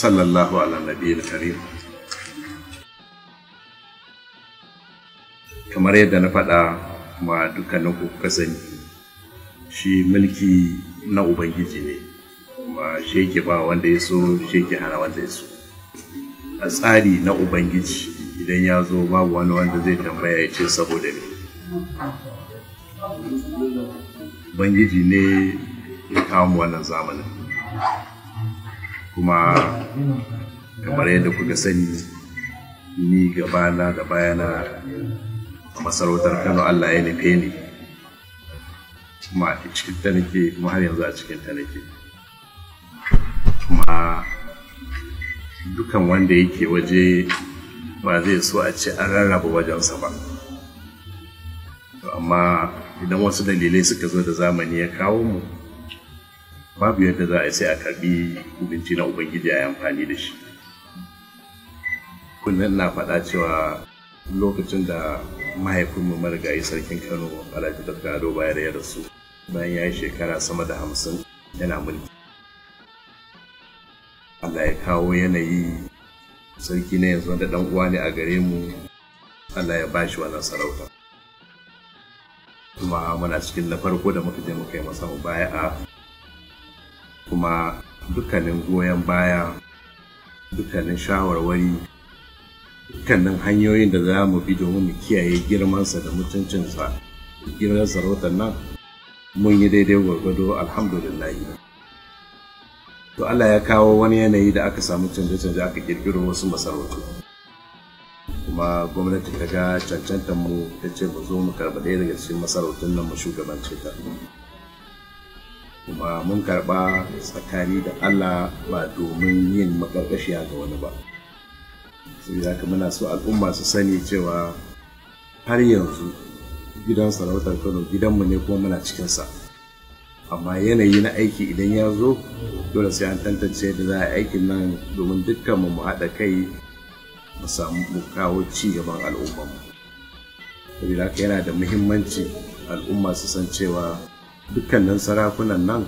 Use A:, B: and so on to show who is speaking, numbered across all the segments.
A: sallallahu ala da karim kamar yadda na faɗa ma dukkanin ku sani shi mulki na ubangiji ne ma sheke ba wanda ya so sheke hana wanda ya so a tsari na ubangiji idan ya zo babu wani wanda zai tambaya ya ce saboda ne ubangiji ne ya kawo wannan zamanin kuma kamar yadda kuka sani ni gaba gabana da bayana a masarautar kano allah ya nufe ni kuma a cikin ta nake kuma har yanzu a cikin ta nake kuma dukan wanda yake waje ba zai so a ce an rarraba wajensa ba amma idan wasu dalilai suka zo da zamani ya kawo mu babu yadda za a sai a karbi abinci na ubangiji a yi amfani da shi kullum na faɗa cewa lokacin da mahaifinmu marigayi sarkin kano alhaji da gado bayar ya rasu bayan ya yi shekara sama da hamsin yana mulki allah ya kawo yanayi sarki na yanzu wanda dan uwa ne a gare mu allah ya bashi wannan sarauta kuma muna cikin na farko da muka je muka yi masa baya a kuma dukkanin goyon baya dukkanin shawarwari dukkanin hanyoyin da za mu bi domin mu kiyaye girmansa da mutuncinsa girman sarautar nan mun yi daidai gwargwado alhamdulillah to Allah ya kawo wani yanayi da aka samu canje-canje aka kirkiro wasu masarautu kuma gwamnati ta ga cancantar mu ta ce mu zo mu karɓa ɗaya daga cikin masarautun nan mu shugabance ta kuma mun karɓa tsakani da Allah ba domin yin makarkashiya ga wani ba sai za ka muna so al'umma su sani cewa har yanzu gidan sarautar kano gidanmu ne kuma muna cikinsa amma yanayi na aiki idan ya zo dole sai an tantance da za a aikin nan domin dukkanmu mu haɗa kai mu samu kawo ci gaban al'ummarmu saboda haka yana da muhimmanci al'umma su san cewa dukkanin sarakunan nan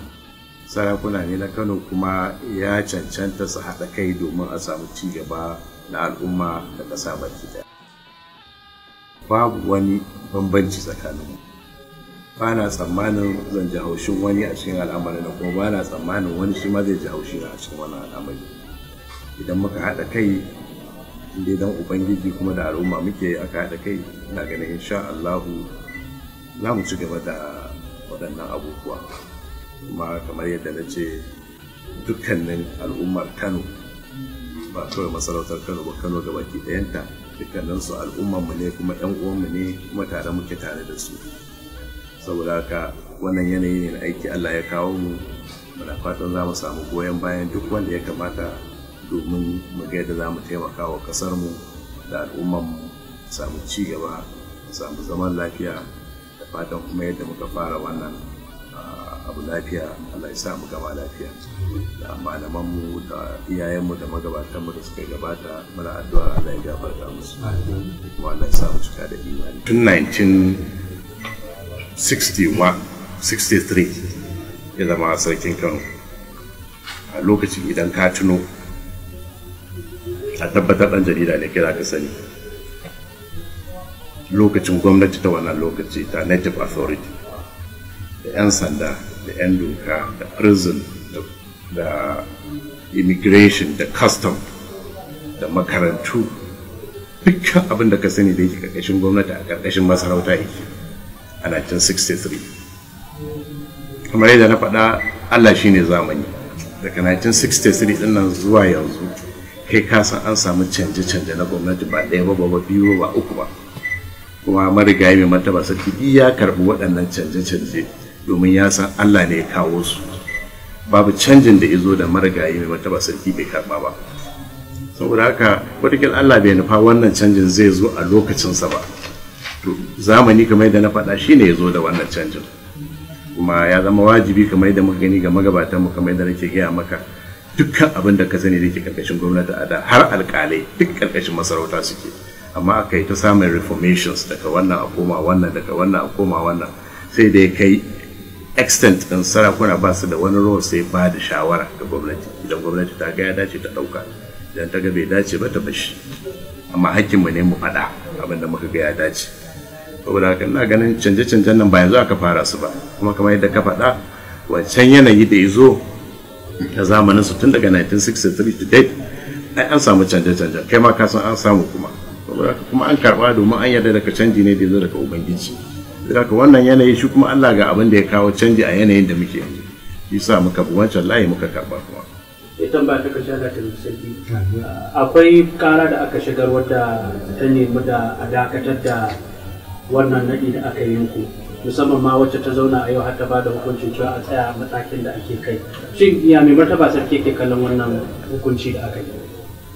A: sarakuna ne na kano kuma ya cancanta su haɗa kai domin a samu cigaba na al'umma da ƙasa baki ɗaya babu wani bambanci tsakanin ba na tsammanin zan ji haushin wani a cikin al'amari na kuma ba na tsammanin wani shi ma zai ji haushi a cikin wani al'amari idan muka haɗa kai inda dan ubangiji kuma da al'umma muke aka haɗa kai ina ganin insha Allahu za mu ci gaba da waɗannan abubuwa kuma kamar yadda na ce dukkanin al'ummar kano ba kawai masarautar kano ba kano da baki ɗayanta dukkanin su al'ummarmu ne kuma yan uwanmu ne kuma tare muke tare da su saboda haka wannan yanayi ne na aiki allah ya kawo mu muna fatan za mu samu goyon bayan duk wanda ya kamata domin mu ga yadda za mu taimaka wa ƙasarmu da al'ummar mu samu ci gaba samu zaman lafiya fatan kuma yadda muka fara wannan ah, abu lafiya Allah ya sa mu gama lafiya da malaman mu da iyayen mu da magabatan mu da suka gabata muna addu'a Allah ya gafarta musu kuma Allah ya sa mu cika da imani tun 1961 63 ya zama sarkin Kano a lokacin idan ka tuno a tabbatar ɗan jarida ne kira ka sani lokacin gwamnati ta wannan lokaci ta native authority da 'yan sanda da 'yan doka da prison da immigration da custom da makarantu dukkan abin da ka sani da yake karkashin gwamnati a karkashin masarauta yake a 1963 kamar yadda na faɗa allah shine zamani daga 1963 din nan zuwa yanzu kai kasan an samu canje-canje na gwamnati ba ɗaya ba ba biyu ba uku ba kuma marigayi mai martaba sarki ya karɓi waɗannan canje-canje domin ya san Allah ne ya kawo su babu canjin da ya da marigayi mai martaba sarki bai karba ba saboda haka wataƙil Allah bai nufa wannan canjin zai zo a lokacinsa ba to zamani kamar yadda na faɗa shi ne ya zo da wannan canjin kuma ya zama wajibi kamar yadda muka gani ga mu kamar yadda nake gaya maka dukkan abin da ka sani da ke karkashin gwamnati a da har alƙalai duk karkashin masarauta suke amma aka yi ta samun reformations daga wannan a koma wannan daga wannan a koma wannan sai da ya kai extent ɗin sarakuna ba su da wani ruwa sai ba da shawara ga gwamnati idan gwamnati ta ga ya dace ta ɗauka idan ta ga bai dace ba ta bashi amma hakkinmu ne mu faɗa abin da muka gaya dace saboda haka ina ganin canje-canjen nan ba yanzu aka fara su ba kuma kamar yadda ka faɗa wancan yanayi da ya zo na zamanin su tun daga 1963 to date an samu canje-canjen kai ma ka san an samu kuma saboda kuma an karba domin an yarda daga canji ne da zo daga ubangiji saboda wannan yanayi shi kuma Allah ga abin da ya kawo canji a yanayin da muke yanzu shi sa muka bi wancan layi muka karba kuma ya tambaya ta kashe da sarki akwai kara da aka shigar wadda ta nemi da a dakatar da wannan nadi da aka yi ku musamman ma wacce ta zauna a yau har ta bada hukuncin cewa a tsaya a matakin da ake kai shin ya mai martaba sarki ke kallon wannan hukunci da aka yi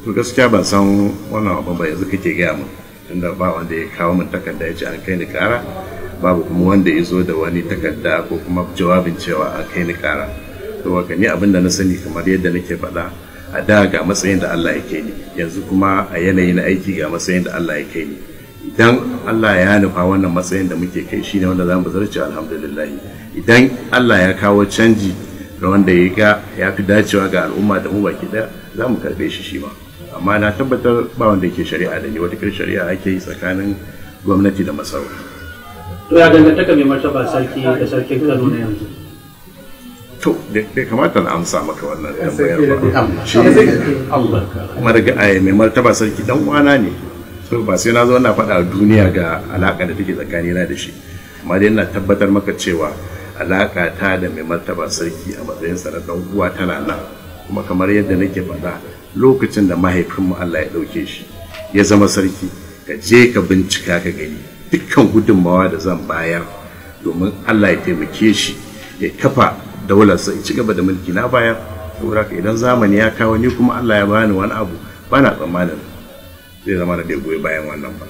A: to gaskiya ban san wannan abin ba yanzu kake gaya mu tunda ba wanda ya kawo min takarda ya ce an kai ni kara babu kuma wanda ya zo da wani takarda ko kuma jawabin cewa an kai ni kara to haka ni abin da na sani kamar yadda nake faɗa a da ga matsayin da Allah ya ni yanzu kuma a yanayi na aiki ga matsayin da Allah ya kai ni idan Allah ya nufa wannan matsayin da muke kai shine wanda zamu zarce alhamdulillah idan Allah ya kawo canji ga wanda ya ga ya fi dacewa ga al'umma da mu baki daya za mu karbe shi shi ma amma na tabbatar ba wanda ke shari'a da ni wata shari'a ake yi tsakanin gwamnati da masarauta to ya dangantaka mai martaba sarki da sarkin kano na yanzu to bai kamata na amsa maka wannan tambayar ba shi marga eh, mai martaba sarki dan uwana ne so ba sai na zo na faɗa duniya ga alaka da take tsakanina da shi amma dai ina tabbatar maka cewa alaka ta da mai martaba sarki a matsayin sa na dan uwa tana nan kuma kamar yadda nake faɗa lokacin da mahaifinmu Allah ya ɗauke shi ya zama sarki ka je ka bincika ka gani dukkan gudunmawa da zan bayar domin Allah ya taimake shi ya kafa daularsa ya ci gaba da mulki na bayar saboda ka idan zamani ya kawo ni kuma Allah ya bani wani abu bana tsammanin zai zama da goyi bayan wannan ba